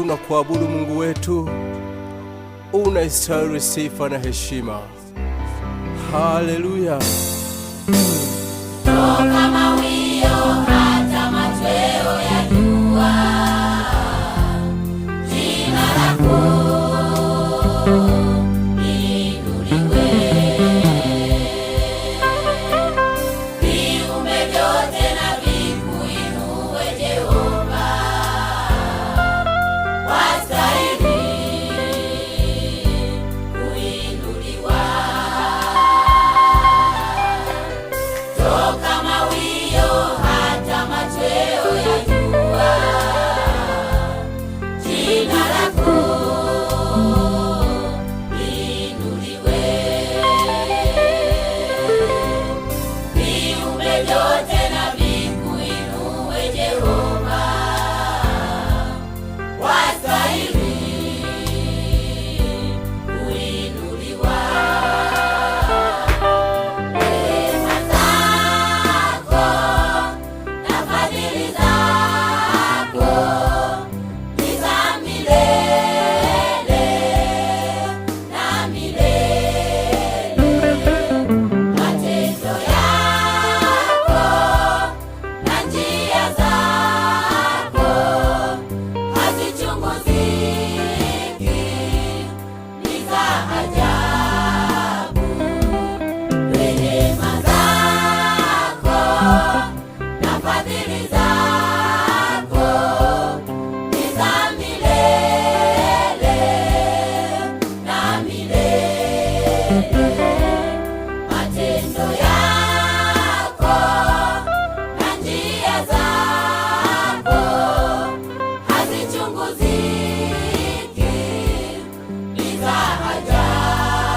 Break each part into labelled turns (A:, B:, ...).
A: wetu na kuabudu Mungu wetu, unaistahili sifa na heshima. Haleluya.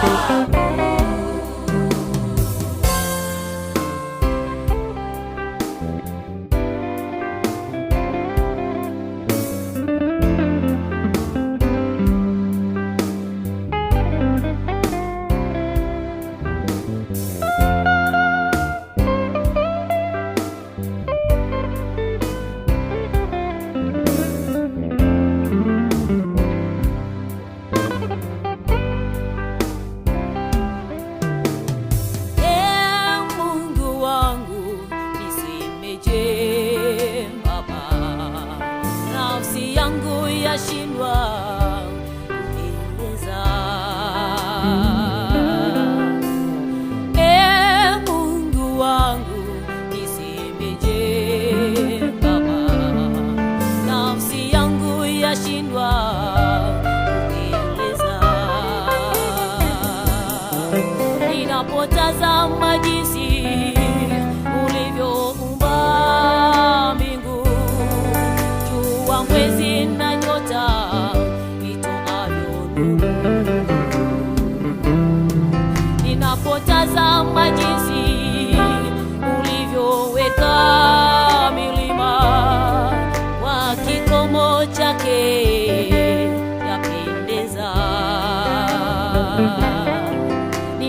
A: you.
B: yangu yashindwa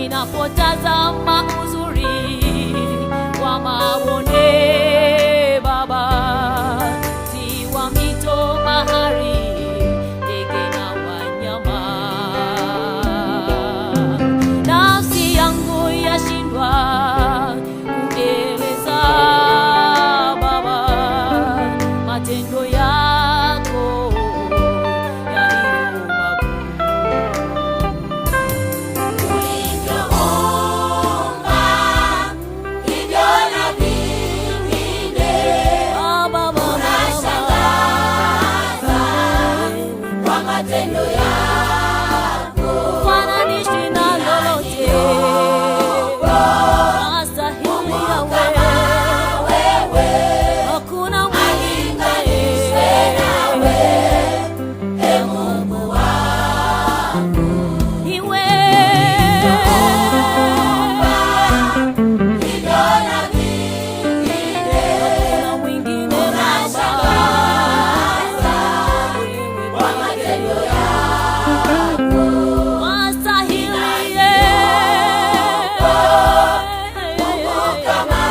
B: ninapotazama uzuri wa maono
A: Toma.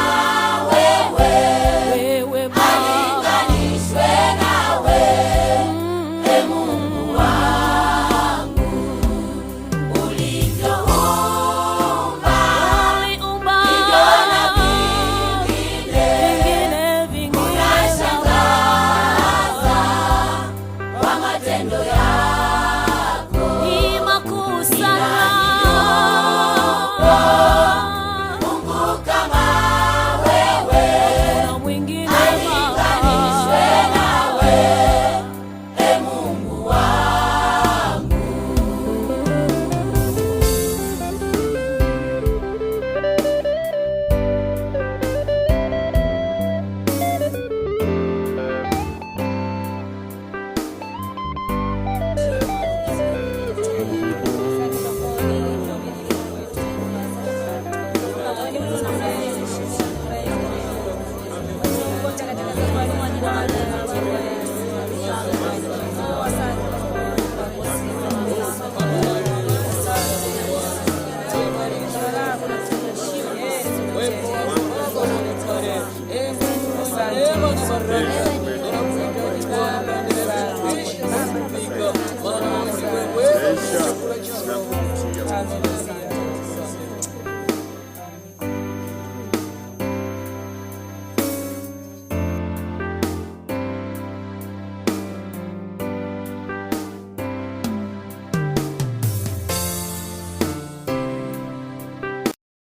A: Gracias.